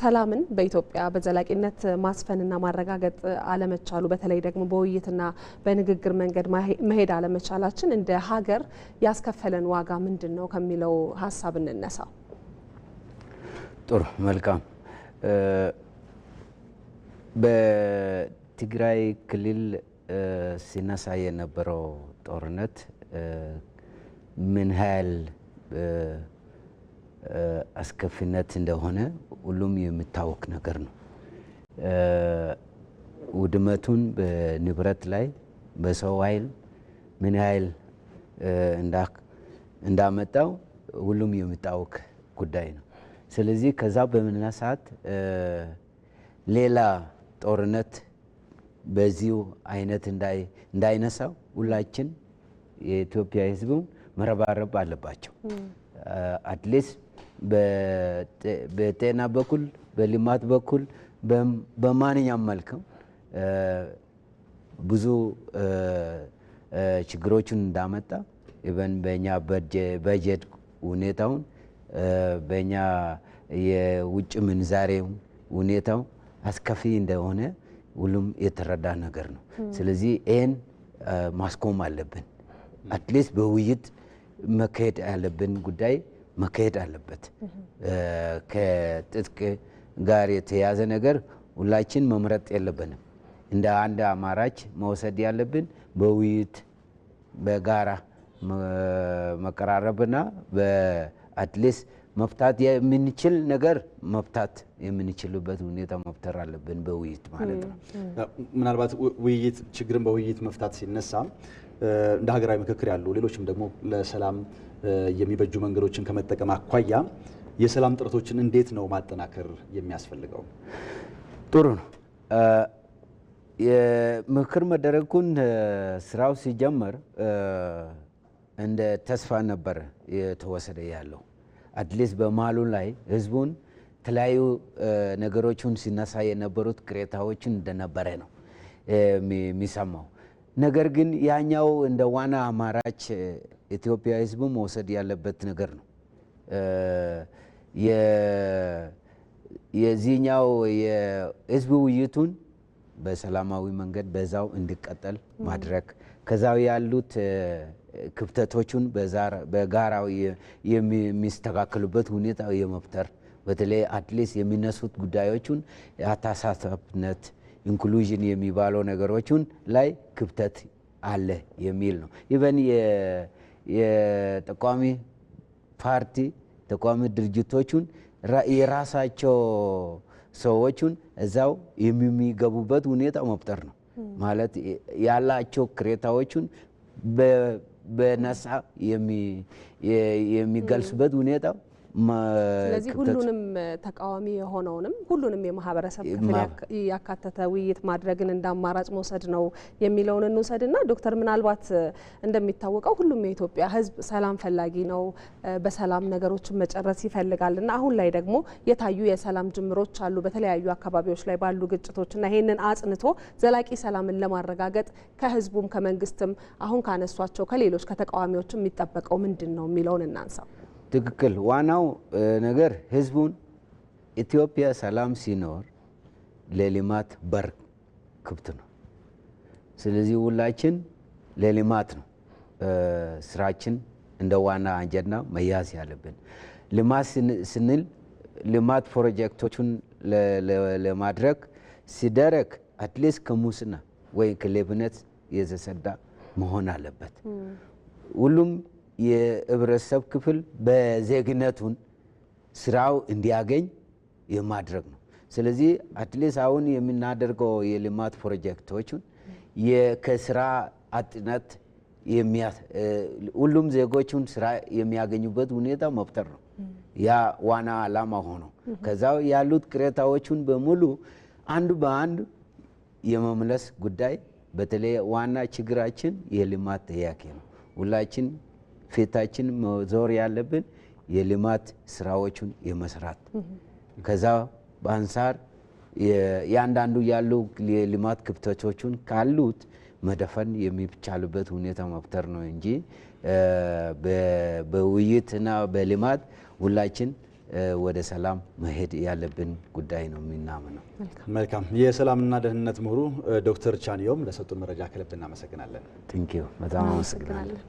ሰላምን በኢትዮጵያ በዘላቂነት ማስፈንና ማረጋገጥ አለመቻሉ በተለይ ደግሞ በውይይትና በንግግር መንገድ መሄድ አለመቻላችን እንደ ሀገር ያስከፈለን ዋጋ ምንድን ነው ከሚለው ሀሳብ እንነሳ። ጥሩ፣ መልካም። በትግራይ ክልል ሲነሳ የነበረው ጦርነት ምን ያህል አስከፊነት እንደሆነ ሁሉም የሚታወቅ ነገር ነው። ውድመቱን በንብረት ላይ በሰው ኃይል ምን ያህል እንዳመጣው ሁሉም የሚታወቅ ጉዳይ ነው። ስለዚህ ከዛ በመነሳት ሌላ ጦርነት በዚሁ አይነት እንዳይነሳው ሁላችን የኢትዮጵያ ሕዝቡን መረባረብ አለባቸው አትሊስት በጤና በኩል በልማት በኩል በማንኛውም መልክም ብዙ ችግሮችን እንዳመጣ ኢቨን በእኛ በጀት ሁኔታውን በእኛ የውጭ ምንዛሬው ሁኔታው አስከፊ እንደሆነ ሁሉም የተረዳ ነገር ነው። ስለዚህ ይህን ማስቆም አለብን። አትሊስት በውይይት መካሄድ ያለብን ጉዳይ መካሄድ አለበት። ከትጥቅ ጋር የተያዘ ነገር ሁላችን መምረጥ የለብንም። እንደ አንድ አማራጭ መውሰድ ያለብን በውይይት በጋራ መቀራረብና በአትሊስት መፍታት የምንችል ነገር መፍታት የምንችልበት ሁኔታ መፍጠር አለብን፣ በውይይት ማለት ነው። ምናልባት ውይይት ችግርን በውይይት መፍታት ሲነሳ እንደ ሀገራዊ ምክክር ያሉ ሌሎችም ደግሞ ለሰላም የሚበጁ መንገዶችን ከመጠቀም አኳያ የሰላም ጥረቶችን እንዴት ነው ማጠናከር የሚያስፈልገው? ጥሩ ነው። የምክክር መደረጉን ስራው ሲጀመር እንደ ተስፋ ነበር የተወሰደ ያለው አትሊስት በመሀሉ ላይ ህዝቡን የተለያዩ ነገሮችን ሲነሳ የነበሩት ቅሬታዎችን እንደነበረ ነው የሚሰማው። ነገር ግን ያኛው እንደ ዋና አማራጭ ኢትዮጵያ ህዝቡ መውሰድ ያለበት ነገር ነው። የዚህኛው የህዝብ ውይይቱን በሰላማዊ መንገድ በዛው እንዲቀጠል ማድረግ ከዛው ያሉት ክፍተቶቹን በጋራው የሚስተካከሉበት ሁኔታ የመፍጠር በተለይ አትሊስት የሚነሱት ጉዳዮቹን አታሳሳብነት ኢንክሉዥን የሚባለው ነገሮችን ላይ ክፍተት አለ የሚል ነው። ኢቨን የጠቋሚ ፓርቲ ተቋሚ ድርጅቶቹን የራሳቸው ሰዎቹን እዛው የሚገቡበት ሁኔታ መፍጠር ነው ማለት ያላቸው ቅሬታዎቹን በነሳ የሚገልጹበት ሁኔታ ስለዚህ ሁሉንም ተቃዋሚ የሆነውንም ሁሉንም የማህበረሰብ ክፍል ያካተተ ውይይት ማድረግን እንደ አማራጭ መውሰድ ነው የሚለውን እንውሰድና ዶክተር ምናልባት እንደሚታወቀው ሁሉም የኢትዮጵያ ህዝብ ሰላም ፈላጊ ነው፣ በሰላም ነገሮችን መጨረስ ይፈልጋል እና አሁን ላይ ደግሞ የታዩ የሰላም ጅምሮች አሉ በተለያዩ አካባቢዎች ላይ ባሉ ግጭቶችና ይህንን አጽንቶ ዘላቂ ሰላምን ለማረጋገጥ ከህዝቡም ከመንግስትም አሁን ካነሷቸው ከሌሎች ከተቃዋሚዎችም የሚጠበቀው ምንድን ነው የሚለውን እናንሳው። ትክክል። ዋናው ነገር ህዝቡን ኢትዮጵያ ሰላም ሲኖር ለልማት በር ክፍት ነው። ስለዚህ ሁላችን ለልማት ነው ስራችን እንደ ዋና አንጀና መያዝ ያለብን። ልማት ስንል ልማት ፕሮጀክቶቹን ለማድረግ ሲደረግ አትሊስት ከሙስና ወይ ከሌብነት የዘሰዳ መሆን አለበት ሁሉም የህብረተሰብ ክፍል በዜግነቱን ስራው እንዲያገኝ የማድረግ ነው። ስለዚህ አትሊስት አሁን የምናደርገው የልማት ፕሮጀክቶችን ከስራ አጥነት ሁሉም ዜጎችን ስራ የሚያገኙበት ሁኔታ መፍጠር ነው። ያ ዋና አላማ ሆኖ ከዛ ያሉት ቅሬታዎቹን በሙሉ አንዱ በአንዱ የመምለስ ጉዳይ በተለይ ዋና ችግራችን የልማት ጥያቄ ነው። ሁላችን ፊታችን መዞር ያለብን የልማት ስራዎችን የመስራት ከዛ በአንሳር የአንዳንዱ ያሉ የልማት ክፍተቶቹን ካሉት መደፈን የሚቻልበት ሁኔታ መፍጠር ነው እንጂ በውይይትና በልማት ሁላችን ወደ ሰላም መሄድ ያለብን ጉዳይ ነው የምናምነው። መልካም። የሰላምና ደህንነት ምሁሩ ዶክተር ቻንዮም ለሰጡን መረጃ ከልብ እናመሰግናለን። ቴንኪው። በጣም አመሰግናለን።